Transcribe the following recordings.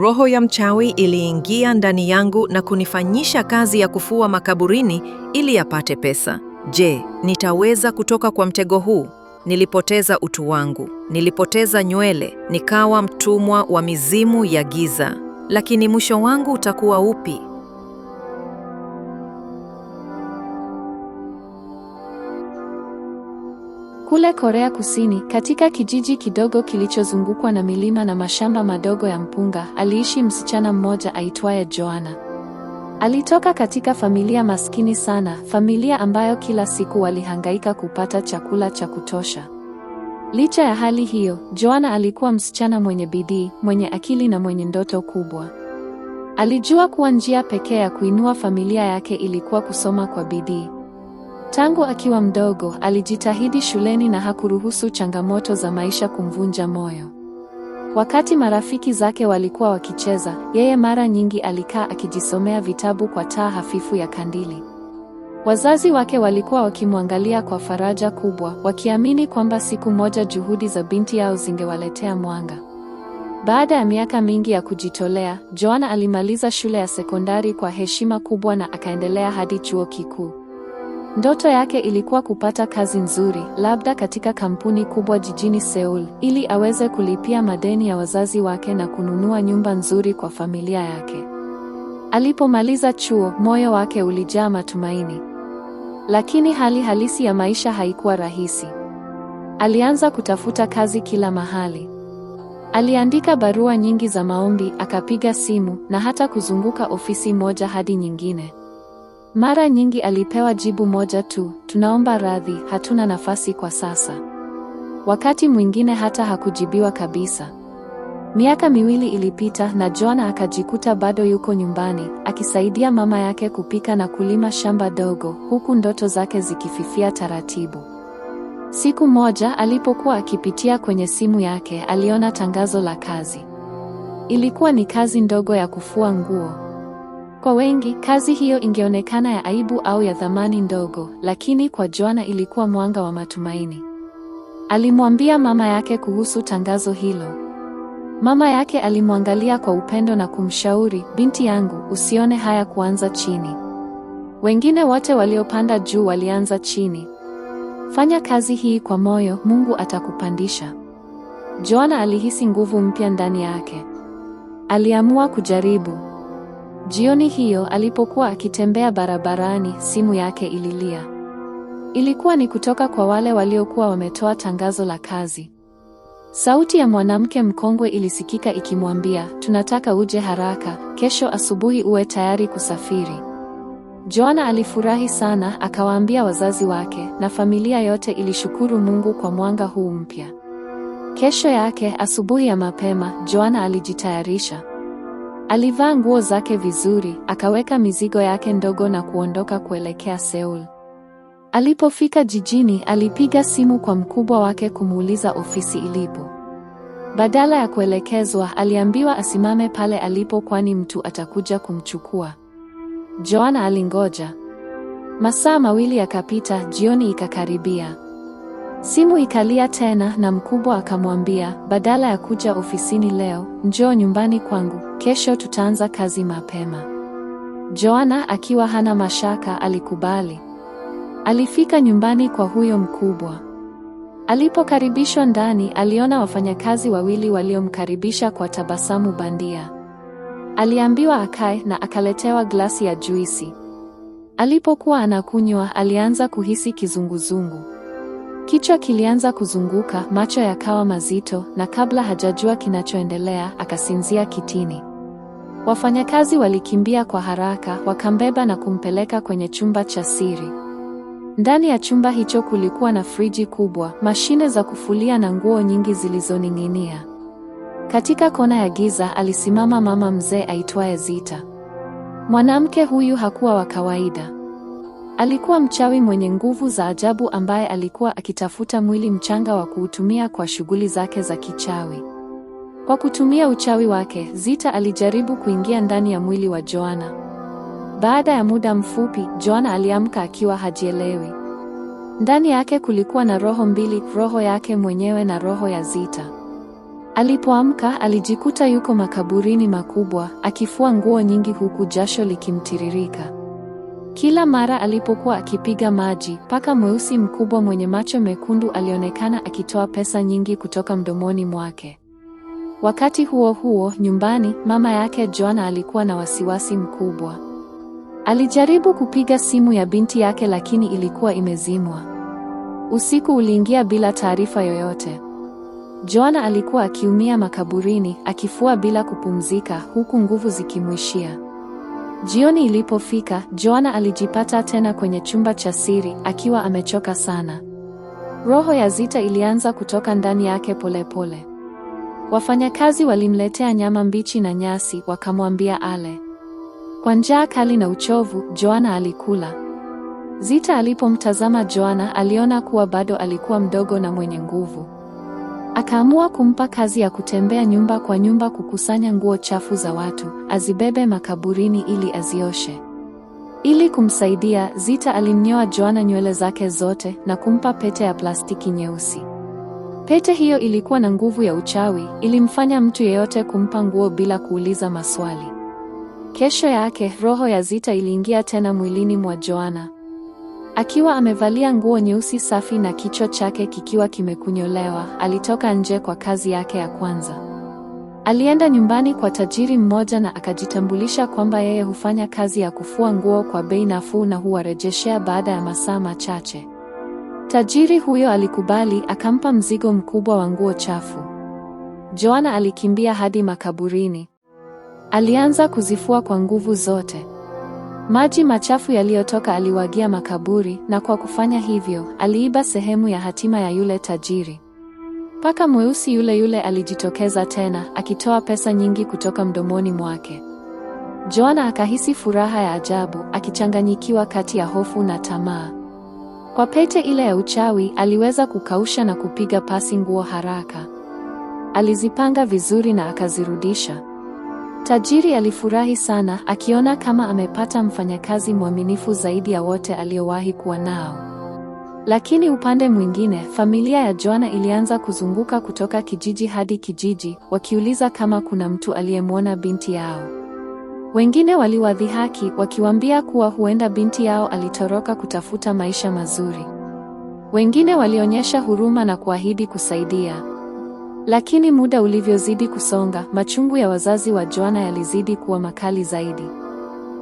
Roho ya mchawi iliingia ndani yangu na kunifanyisha kazi ya kufua makaburini ili apate pesa. Je, nitaweza kutoka kwa mtego huu? Nilipoteza utu wangu, nilipoteza nywele, nikawa mtumwa wa mizimu ya giza. Lakini mwisho wangu utakuwa upi? Kule Korea Kusini, katika kijiji kidogo kilichozungukwa na milima na mashamba madogo ya mpunga, aliishi msichana mmoja aitwaye Joanna. Alitoka katika familia maskini sana, familia ambayo kila siku walihangaika kupata chakula cha kutosha. Licha ya hali hiyo, Joanna alikuwa msichana mwenye bidii, mwenye akili na mwenye ndoto kubwa. Alijua kuwa njia pekee ya kuinua familia yake ilikuwa kusoma kwa bidii. Tangu akiwa mdogo alijitahidi shuleni na hakuruhusu changamoto za maisha kumvunja moyo. Wakati marafiki zake walikuwa wakicheza, yeye mara nyingi alikaa akijisomea vitabu kwa taa hafifu ya kandili. Wazazi wake walikuwa wakimwangalia kwa faraja kubwa, wakiamini kwamba siku moja juhudi za binti yao zingewaletea mwanga. Baada ya miaka mingi ya kujitolea, Joana alimaliza shule ya sekondari kwa heshima kubwa na akaendelea hadi chuo kikuu. Ndoto yake ilikuwa kupata kazi nzuri, labda katika kampuni kubwa jijini Seoul, ili aweze kulipia madeni ya wazazi wake na kununua nyumba nzuri kwa familia yake. Alipomaliza chuo, moyo wake ulijaa matumaini. Lakini hali halisi ya maisha haikuwa rahisi. Alianza kutafuta kazi kila mahali. Aliandika barua nyingi za maombi, akapiga simu na hata kuzunguka ofisi moja hadi nyingine. Mara nyingi alipewa jibu moja tu, tunaomba radhi, hatuna nafasi kwa sasa. Wakati mwingine hata hakujibiwa kabisa. Miaka miwili ilipita na Joan akajikuta bado yuko nyumbani akisaidia mama yake kupika na kulima shamba dogo huku ndoto zake zikififia taratibu. Siku moja alipokuwa akipitia kwenye simu yake, aliona tangazo la kazi. Ilikuwa ni kazi ndogo ya kufua nguo. Kwa wengi kazi hiyo ingeonekana ya aibu au ya thamani ndogo, lakini kwa Joanna ilikuwa mwanga wa matumaini. Alimwambia mama yake kuhusu tangazo hilo. Mama yake alimwangalia kwa upendo na kumshauri, binti yangu, usione haya kuanza chini. Wengine wote waliopanda juu walianza chini. Fanya kazi hii kwa moyo, Mungu atakupandisha. Joanna alihisi nguvu mpya ndani yake. Aliamua kujaribu. Jioni hiyo alipokuwa akitembea barabarani, simu yake ililia. Ilikuwa ni kutoka kwa wale waliokuwa wametoa tangazo la kazi. Sauti ya mwanamke mkongwe ilisikika ikimwambia, tunataka uje haraka, kesho asubuhi uwe tayari kusafiri. Joana alifurahi sana, akawaambia wazazi wake na familia yote ilishukuru Mungu kwa mwanga huu mpya. Kesho yake asubuhi ya mapema, Joana alijitayarisha. Alivaa nguo zake vizuri, akaweka mizigo yake ndogo na kuondoka kuelekea Seoul. Alipofika jijini, alipiga simu kwa mkubwa wake kumuuliza ofisi ilipo. Badala ya kuelekezwa, aliambiwa asimame pale alipo kwani mtu atakuja kumchukua. Joanna alingoja. Masaa mawili yakapita, jioni ikakaribia. Simu ikalia tena na mkubwa akamwambia, badala ya kuja ofisini leo, njoo nyumbani kwangu, kesho tutaanza kazi mapema. Joana akiwa hana mashaka alikubali. Alifika nyumbani kwa huyo mkubwa. Alipokaribishwa ndani, aliona wafanyakazi wawili waliomkaribisha kwa tabasamu bandia. Aliambiwa akae na akaletewa glasi ya juisi. Alipokuwa anakunywa, alianza kuhisi kizunguzungu. Kichwa kilianza kuzunguka, macho yakawa mazito, na kabla hajajua kinachoendelea, akasinzia kitini. Wafanyakazi walikimbia kwa haraka, wakambeba na kumpeleka kwenye chumba cha siri. Ndani ya chumba hicho kulikuwa na friji kubwa, mashine za kufulia na nguo nyingi zilizoning'inia. Katika kona ya giza alisimama mama mzee aitwaye Zita. Mwanamke huyu hakuwa wa kawaida. Alikuwa mchawi mwenye nguvu za ajabu ambaye alikuwa akitafuta mwili mchanga wa kuutumia kwa shughuli zake za kichawi. Kwa kutumia uchawi wake, Zita alijaribu kuingia ndani ya mwili wa Joana. Baada ya muda mfupi, Joana aliamka akiwa hajielewi. Ndani yake kulikuwa na roho mbili, roho yake mwenyewe na roho ya Zita. Alipoamka, alijikuta yuko makaburini makubwa, akifua nguo nyingi huku jasho likimtiririka. Kila mara alipokuwa akipiga maji, paka mweusi mkubwa mwenye macho mekundu alionekana akitoa pesa nyingi kutoka mdomoni mwake. Wakati huo huo, nyumbani, mama yake Joana alikuwa na wasiwasi mkubwa. Alijaribu kupiga simu ya binti yake lakini ilikuwa imezimwa. Usiku uliingia bila taarifa yoyote. Joana alikuwa akiumia makaburini, akifua bila kupumzika, huku nguvu zikimwishia. Jioni ilipofika, Joana alijipata tena kwenye chumba cha siri akiwa amechoka sana. Roho ya Zita ilianza kutoka ndani yake polepole. Wafanyakazi walimletea nyama mbichi na nyasi, wakamwambia ale. Kwa njaa kali na uchovu, Joana alikula. Zita alipomtazama Joana, aliona kuwa bado alikuwa mdogo na mwenye nguvu. Akaamua kumpa kazi ya kutembea nyumba kwa nyumba kukusanya nguo chafu za watu, azibebe makaburini ili azioshe. Ili kumsaidia, Zita alimnyoa Joana nywele zake zote na kumpa pete ya plastiki nyeusi. Pete hiyo ilikuwa na nguvu ya uchawi, ilimfanya mtu yeyote kumpa nguo bila kuuliza maswali. Kesho yake roho ya Zita iliingia tena mwilini mwa Joana. Akiwa amevalia nguo nyeusi safi na kichwa chake kikiwa kimekunyolewa, alitoka nje kwa kazi yake ya kwanza. Alienda nyumbani kwa tajiri mmoja na akajitambulisha kwamba yeye hufanya kazi ya kufua nguo kwa bei nafuu na huwarejeshea baada ya masaa machache. Tajiri huyo alikubali, akampa mzigo mkubwa wa nguo chafu. Joana alikimbia hadi makaburini. Alianza kuzifua kwa nguvu zote. Maji machafu yaliyotoka aliwagia makaburi, na kwa kufanya hivyo, aliiba sehemu ya hatima ya yule tajiri. Paka mweusi yule yule alijitokeza tena, akitoa pesa nyingi kutoka mdomoni mwake. Joana akahisi furaha ya ajabu, akichanganyikiwa kati ya hofu na tamaa. Kwa pete ile ya uchawi, aliweza kukausha na kupiga pasi nguo haraka. Alizipanga vizuri na akazirudisha. Tajiri alifurahi sana akiona kama amepata mfanyakazi mwaminifu zaidi ya wote aliyowahi kuwa nao. Lakini upande mwingine, familia ya Joana ilianza kuzunguka kutoka kijiji hadi kijiji, wakiuliza kama kuna mtu aliyemwona binti yao. Wengine waliwadhihaki wakiwaambia kuwa huenda binti yao alitoroka kutafuta maisha mazuri. Wengine walionyesha huruma na kuahidi kusaidia. Lakini muda ulivyozidi kusonga, machungu ya wazazi wa Joana yalizidi kuwa makali zaidi.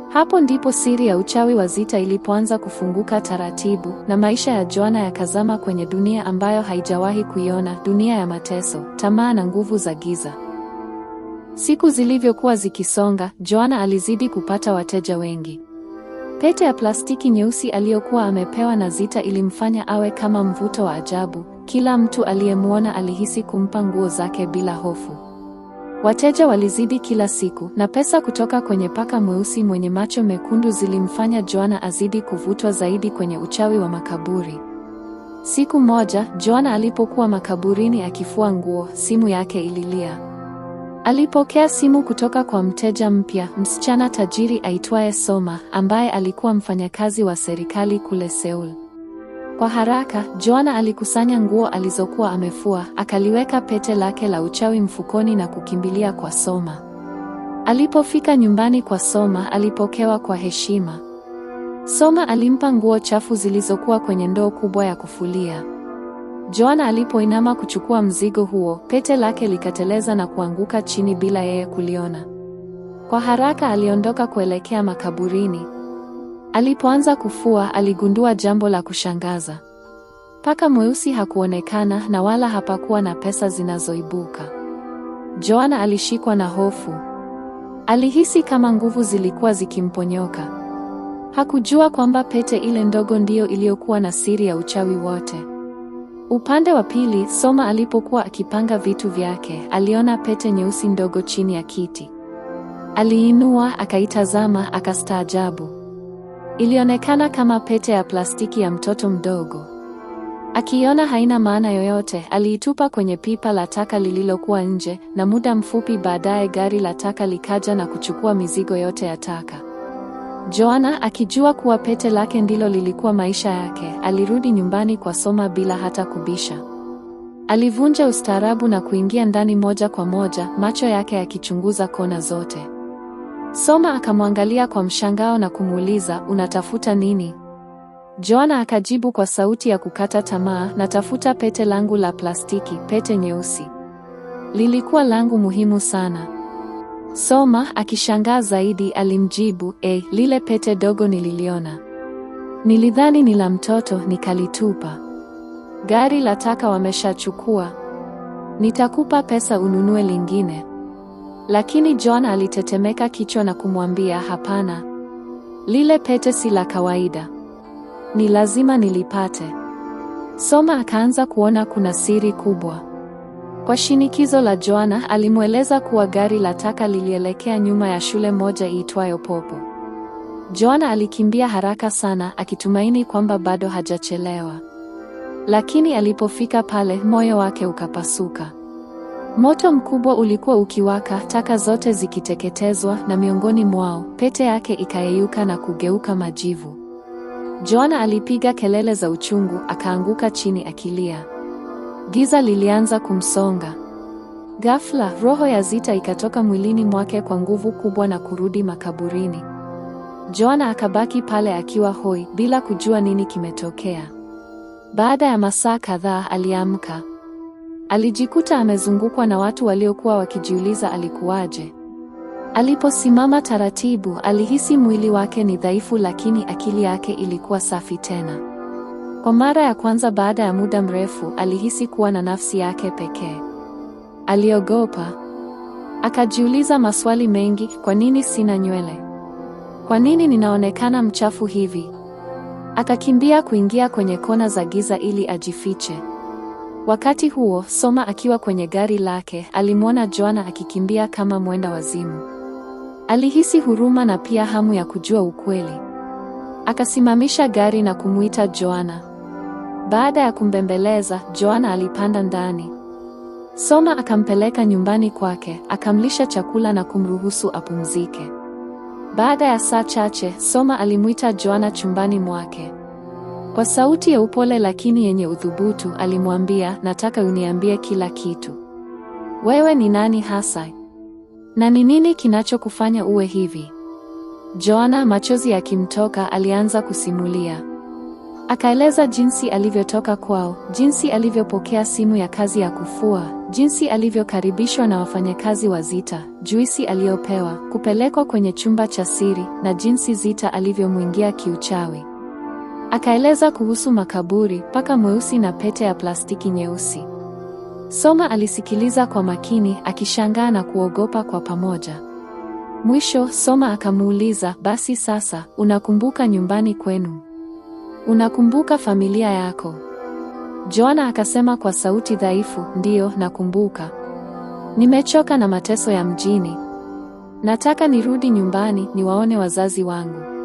Hapo ndipo siri ya uchawi wa Zita ilipoanza kufunguka taratibu, na maisha ya Joana yakazama kwenye dunia ambayo haijawahi kuiona, dunia ya mateso, tamaa na nguvu za giza. Siku zilivyokuwa zikisonga, Joana alizidi kupata wateja wengi. Pete ya plastiki nyeusi aliyokuwa amepewa na Zita ilimfanya awe kama mvuto wa ajabu, kila mtu aliyemwona alihisi kumpa nguo zake bila hofu. Wateja walizidi kila siku na pesa kutoka kwenye paka mweusi mwenye macho mekundu zilimfanya Joana azidi kuvutwa zaidi kwenye uchawi wa makaburi. Siku moja, Joana alipokuwa makaburini akifua nguo, simu yake ililia. Alipokea simu kutoka kwa mteja mpya, msichana tajiri aitwaye Soma, ambaye alikuwa mfanyakazi wa serikali kule Seoul. Kwa haraka, Joana alikusanya nguo alizokuwa amefua, akaliweka pete lake la uchawi mfukoni na kukimbilia kwa Soma. Alipofika nyumbani kwa Soma, alipokewa kwa heshima. Soma alimpa nguo chafu zilizokuwa kwenye ndoo kubwa ya kufulia. Joana alipoinama kuchukua mzigo huo, pete lake likateleza na kuanguka chini bila yeye kuliona. Kwa haraka aliondoka kuelekea makaburini. Alipoanza kufua, aligundua jambo la kushangaza. Paka mweusi hakuonekana na wala hapakuwa na pesa zinazoibuka. Joana alishikwa na hofu. Alihisi kama nguvu zilikuwa zikimponyoka. Hakujua kwamba pete ile ndogo ndiyo iliyokuwa na siri ya uchawi wote. Upande wa pili, Soma alipokuwa akipanga vitu vyake, aliona pete nyeusi ndogo chini ya kiti. Aliinua, akaitazama, akastaajabu. Ilionekana kama pete ya plastiki ya mtoto mdogo. Akiona haina maana yoyote, aliitupa kwenye pipa la taka lililokuwa nje, na muda mfupi baadaye gari la taka likaja na kuchukua mizigo yote ya taka. Joana akijua kuwa pete lake ndilo lilikuwa maisha yake, alirudi nyumbani kwa Soma bila hata kubisha. Alivunja ustaarabu na kuingia ndani moja kwa moja, macho yake yakichunguza kona zote. Soma akamwangalia kwa mshangao na kumuuliza, unatafuta nini? Joana akajibu kwa sauti ya kukata tamaa, natafuta pete langu la plastiki, pete nyeusi. Lilikuwa langu muhimu sana. Soma akishangaa zaidi alimjibu, e, lile pete dogo nililiona. Nilidhani ni la mtoto nikalitupa. Gari la taka wameshachukua. Nitakupa pesa ununue lingine. Lakini John alitetemeka kichwa na kumwambia hapana. Lile pete si la kawaida. Ni lazima nilipate. Soma akaanza kuona kuna siri kubwa. Kwa shinikizo la Joana alimweleza kuwa gari la taka lilielekea nyuma ya shule moja iitwayo Popo. Joana alikimbia haraka sana akitumaini kwamba bado hajachelewa. Lakini alipofika pale moyo wake ukapasuka. Moto mkubwa ulikuwa ukiwaka, taka zote zikiteketezwa, na miongoni mwao pete yake ikayeyuka na kugeuka majivu. Joana alipiga kelele za uchungu, akaanguka chini akilia. Giza lilianza kumsonga. Ghafla, roho ya Zita ikatoka mwilini mwake kwa nguvu kubwa na kurudi makaburini. Joana akabaki pale akiwa hoi bila kujua nini kimetokea. Baada ya masaa kadhaa aliamka. Alijikuta amezungukwa na watu waliokuwa wakijiuliza alikuwaje. Aliposimama taratibu, alihisi mwili wake ni dhaifu, lakini akili yake ilikuwa safi tena. Kwa mara ya kwanza baada ya muda mrefu, alihisi kuwa na nafsi yake pekee. Aliogopa, akajiuliza maswali mengi. Kwa nini sina nywele? Kwa nini ninaonekana mchafu hivi? Akakimbia kuingia kwenye kona za giza ili ajifiche. Wakati huo, Soma akiwa kwenye gari lake, alimwona Joana akikimbia kama mwenda wazimu. Alihisi huruma na pia hamu ya kujua ukweli. Akasimamisha gari na kumuita Joana. Baada ya kumbembeleza, Joana alipanda ndani. Soma akampeleka nyumbani kwake, akamlisha chakula na kumruhusu apumzike. Baada ya saa chache, Soma alimuita Joana chumbani mwake. Kwa sauti ya upole lakini yenye uthubutu alimwambia, nataka uniambie kila kitu. Wewe ni nani hasa, na ni nini kinachokufanya uwe hivi? Joana, machozi yakimtoka, alianza kusimulia. Akaeleza jinsi alivyotoka kwao, jinsi alivyopokea simu ya kazi ya kufua, jinsi alivyokaribishwa na wafanyakazi wa Zita, juisi aliyopewa, kupelekwa kwenye chumba cha siri na jinsi Zita alivyomwingia kiuchawi. Akaeleza kuhusu makaburi, paka mweusi na pete ya plastiki nyeusi. Soma alisikiliza kwa makini, akishangaa na kuogopa kwa pamoja. Mwisho Soma akamuuliza, basi sasa, unakumbuka nyumbani kwenu? Unakumbuka familia yako? Joana akasema kwa sauti dhaifu, ndiyo nakumbuka. Nimechoka na mateso ya mjini. Nataka nirudi nyumbani niwaone wazazi wangu.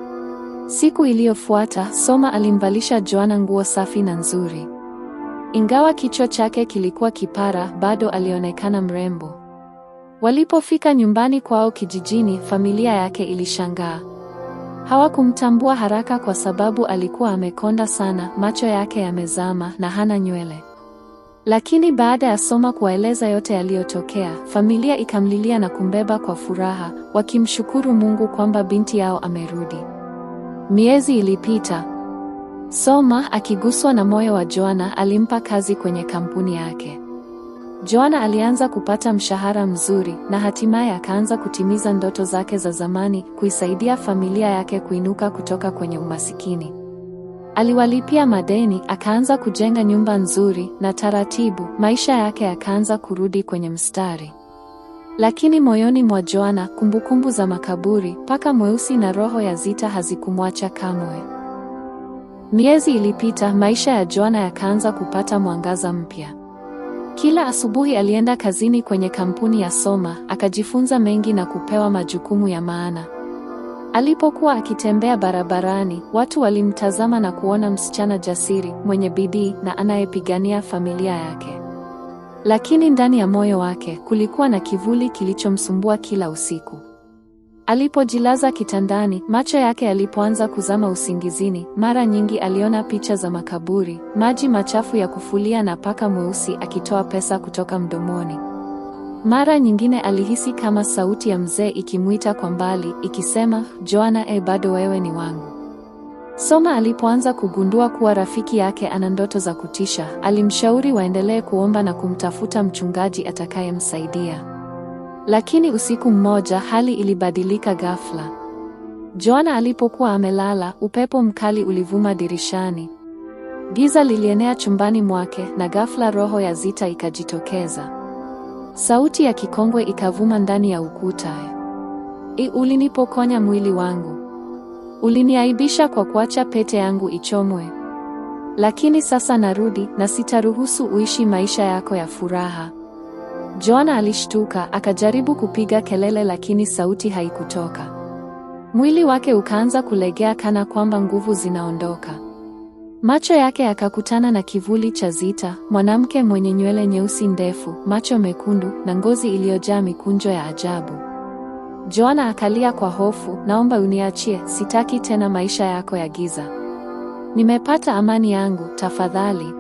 Siku iliyofuata, Soma alimvalisha Joana nguo safi na nzuri. Ingawa kichwa chake kilikuwa kipara, bado alionekana mrembo. Walipofika nyumbani kwao kijijini, familia yake ilishangaa. Hawakumtambua haraka kwa sababu alikuwa amekonda sana, macho yake yamezama na hana nywele. Lakini baada ya Soma kuwaeleza yote yaliyotokea, familia ikamlilia na kumbeba kwa furaha, wakimshukuru Mungu kwamba binti yao amerudi. Miezi ilipita. Soma akiguswa na moyo wa Joana alimpa kazi kwenye kampuni yake. Joana alianza kupata mshahara mzuri na hatimaye akaanza kutimiza ndoto zake za zamani, kuisaidia familia yake kuinuka kutoka kwenye umasikini. Aliwalipia madeni, akaanza kujenga nyumba nzuri na taratibu maisha yake yakaanza kurudi kwenye mstari. Lakini moyoni mwa Joana kumbukumbu za makaburi, paka mweusi na roho ya Zita hazikumwacha kamwe. Miezi ilipita, maisha ya Joana yakaanza kupata mwangaza mpya. Kila asubuhi alienda kazini kwenye kampuni ya Soma, akajifunza mengi na kupewa majukumu ya maana. Alipokuwa akitembea barabarani, watu walimtazama na kuona msichana jasiri, mwenye bidii na anayepigania familia yake. Lakini ndani ya moyo wake kulikuwa na kivuli kilichomsumbua kila usiku. Alipojilaza kitandani, macho yake yalipoanza kuzama usingizini, mara nyingi aliona picha za makaburi, maji machafu ya kufulia na paka mweusi akitoa pesa kutoka mdomoni. Mara nyingine alihisi kama sauti ya mzee ikimwita kwa mbali, ikisema, Joana, e, eh, bado wewe ni wangu soma alipoanza kugundua kuwa rafiki yake ana ndoto za kutisha, alimshauri waendelee kuomba na kumtafuta mchungaji atakayemsaidia. Lakini usiku mmoja hali ilibadilika ghafla. Joana alipokuwa amelala, upepo mkali ulivuma dirishani. Giza lilienea chumbani mwake na ghafla roho ya Zita ikajitokeza. Sauti ya kikongwe ikavuma ndani ya ukuta. I ulinipokonya mwili wangu. Uliniaibisha kwa kuacha pete yangu ichomwe. Lakini sasa narudi na sitaruhusu uishi maisha yako ya furaha. Joana alishtuka, akajaribu kupiga kelele lakini sauti haikutoka. Mwili wake ukaanza kulegea kana kwamba nguvu zinaondoka. Macho yake yakakutana na kivuli cha Zita, mwanamke mwenye nywele nyeusi ndefu, macho mekundu na ngozi iliyojaa mikunjo ya ajabu. Joana akalia kwa hofu, naomba uniachie, sitaki tena maisha yako ya giza. Nimepata amani yangu, tafadhali.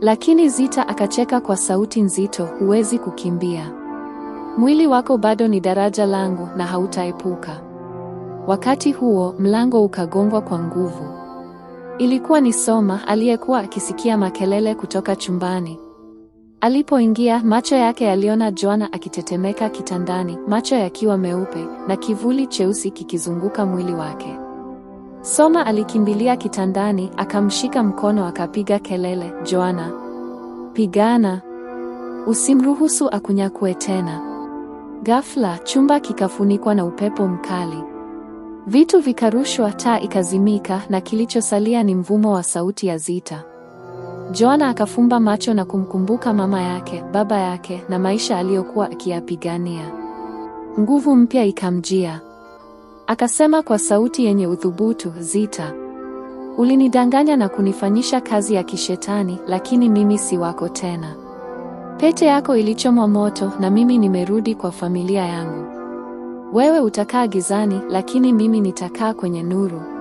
Lakini Zita akacheka kwa sauti nzito, huwezi kukimbia. Mwili wako bado ni daraja langu na hautaepuka. Wakati huo, mlango ukagongwa kwa nguvu. Ilikuwa ni Soma aliyekuwa akisikia makelele kutoka chumbani. Alipoingia, macho yake yaliona Joana akitetemeka kitandani, macho yakiwa meupe na kivuli cheusi kikizunguka mwili wake. Soma alikimbilia kitandani, akamshika mkono, akapiga kelele, Joana, pigana, usimruhusu akunyakue tena. Ghafla chumba kikafunikwa na upepo mkali, vitu vikarushwa, taa ikazimika, na kilichosalia ni mvumo wa sauti ya Zita. Joana akafumba macho na kumkumbuka mama yake, baba yake na maisha aliyokuwa akiyapigania. Nguvu mpya ikamjia. Akasema kwa sauti yenye uthubutu, Zita, ulinidanganya na kunifanyisha kazi ya kishetani, lakini mimi si wako tena. Pete yako ilichomwa moto na mimi nimerudi kwa familia yangu. Wewe utakaa gizani, lakini mimi nitakaa kwenye nuru.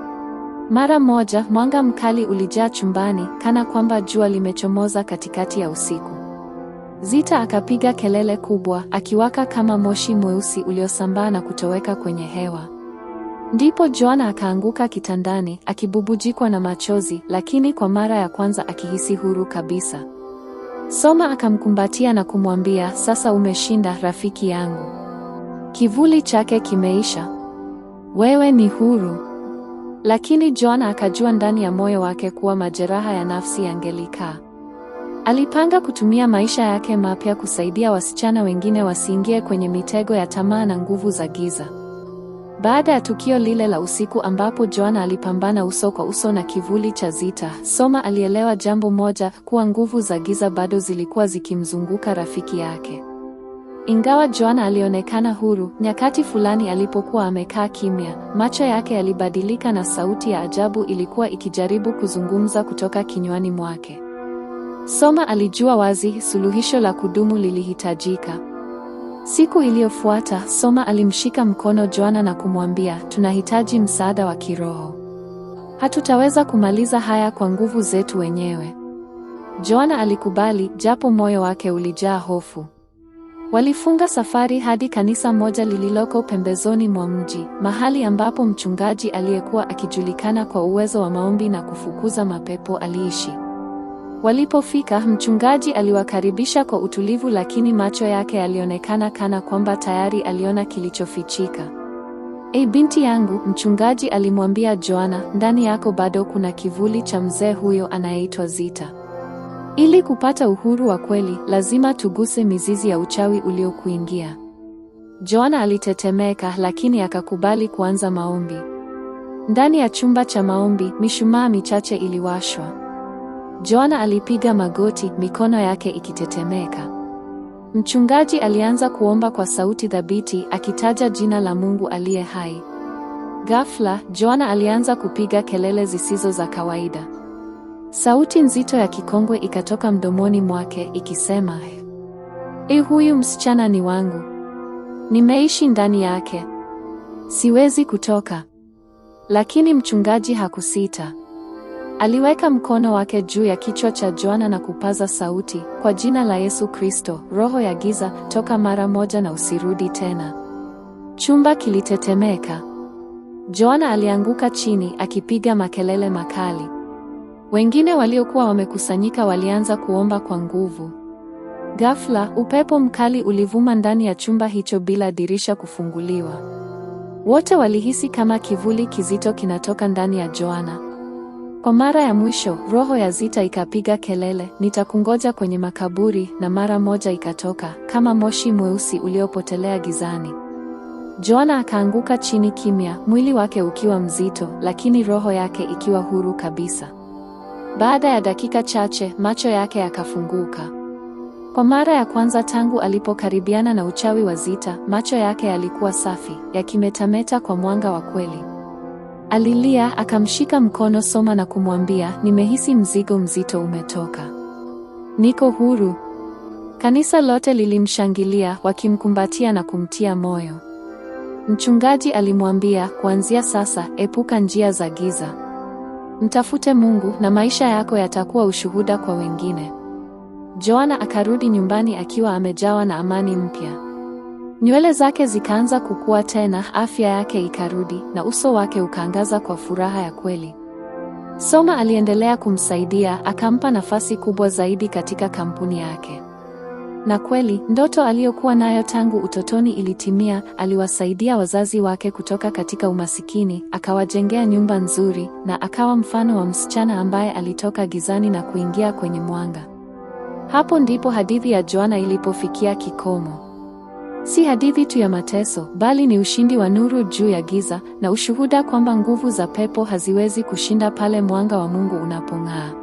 Mara moja mwanga mkali ulijaa chumbani kana kwamba jua limechomoza katikati ya usiku. Zita akapiga kelele kubwa, akiwaka kama moshi mweusi uliosambaa na kutoweka kwenye hewa. Ndipo Joana akaanguka kitandani akibubujikwa na machozi, lakini kwa mara ya kwanza akihisi huru kabisa. Soma akamkumbatia na kumwambia, sasa umeshinda rafiki yangu, kivuli chake kimeisha, wewe ni huru. Lakini John akajua ndani ya moyo wake kuwa majeraha ya nafsi yangelikaa. Alipanga kutumia maisha yake mapya kusaidia wasichana wengine wasiingie kwenye mitego ya tamaa na nguvu za giza. Baada ya tukio lile la usiku ambapo Joan alipambana uso kwa uso na kivuli cha Zita, Soma alielewa jambo moja, kuwa nguvu za giza bado zilikuwa zikimzunguka rafiki yake. Ingawa Joan alionekana huru, nyakati fulani alipokuwa amekaa kimya, macho yake yalibadilika na sauti ya ajabu ilikuwa ikijaribu kuzungumza kutoka kinywani mwake. Soma alijua wazi suluhisho la kudumu lilihitajika. Siku iliyofuata, Soma alimshika mkono Joana na kumwambia, tunahitaji msaada wa kiroho. Hatutaweza kumaliza haya kwa nguvu zetu wenyewe. Joana alikubali, japo moyo wake ulijaa hofu. Walifunga safari hadi kanisa moja lililoko pembezoni mwa mji, mahali ambapo mchungaji aliyekuwa akijulikana kwa uwezo wa maombi na kufukuza mapepo aliishi. Walipofika, mchungaji aliwakaribisha kwa utulivu, lakini macho yake yalionekana kana kwamba tayari aliona kilichofichika. E, binti yangu, mchungaji alimwambia Joana, ndani yako bado kuna kivuli cha mzee huyo anayeitwa Zita. Ili kupata uhuru wa kweli, lazima tuguse mizizi ya uchawi uliokuingia. Joana alitetemeka, lakini akakubali kuanza maombi. Ndani ya chumba cha maombi, mishumaa michache iliwashwa. Joana alipiga magoti, mikono yake ikitetemeka. Mchungaji alianza kuomba kwa sauti thabiti, akitaja jina la Mungu aliye hai. Ghafla, Joana alianza kupiga kelele zisizo za kawaida. Sauti nzito ya kikongwe ikatoka mdomoni mwake ikisema, e, huyu msichana ni wangu, nimeishi ndani yake, siwezi kutoka. Lakini mchungaji hakusita. Aliweka mkono wake juu ya kichwa cha Joana na kupaza sauti, kwa jina la Yesu Kristo, roho ya giza, toka mara moja na usirudi tena. Chumba kilitetemeka. Joana alianguka chini akipiga makelele makali. Wengine waliokuwa wamekusanyika walianza kuomba kwa nguvu. Ghafla, upepo mkali ulivuma ndani ya chumba hicho bila dirisha kufunguliwa. Wote walihisi kama kivuli kizito kinatoka ndani ya Joana. Kwa mara ya mwisho, roho ya Zita ikapiga kelele, nitakungoja kwenye makaburi, na mara moja ikatoka kama moshi mweusi uliopotelea gizani. Joana akaanguka chini kimya, mwili wake ukiwa mzito, lakini roho yake ikiwa huru kabisa. Baada ya dakika chache, macho yake yakafunguka. Kwa mara ya kwanza tangu alipokaribiana na uchawi wa Zita, macho yake yalikuwa safi, yakimetameta kwa mwanga wa kweli. Alilia, akamshika mkono Soma na kumwambia, nimehisi mzigo mzito umetoka, niko huru. Kanisa lote lilimshangilia, wakimkumbatia na kumtia moyo. Mchungaji alimwambia, kuanzia sasa epuka njia za giza. Mtafute Mungu na maisha yako yatakuwa ushuhuda kwa wengine. Joana akarudi nyumbani akiwa amejawa na amani mpya. Nywele zake zikaanza kukua tena, afya yake ikarudi na uso wake ukaangaza kwa furaha ya kweli. Soma aliendelea kumsaidia, akampa nafasi kubwa zaidi katika kampuni yake. Na kweli ndoto aliyokuwa nayo tangu utotoni ilitimia. Aliwasaidia wazazi wake kutoka katika umasikini, akawajengea nyumba nzuri, na akawa mfano wa msichana ambaye alitoka gizani na kuingia kwenye mwanga. Hapo ndipo hadithi ya Joana ilipofikia kikomo. Si hadithi tu ya mateso, bali ni ushindi wa nuru juu ya giza, na ushuhuda kwamba nguvu za pepo haziwezi kushinda pale mwanga wa Mungu unapong'aa.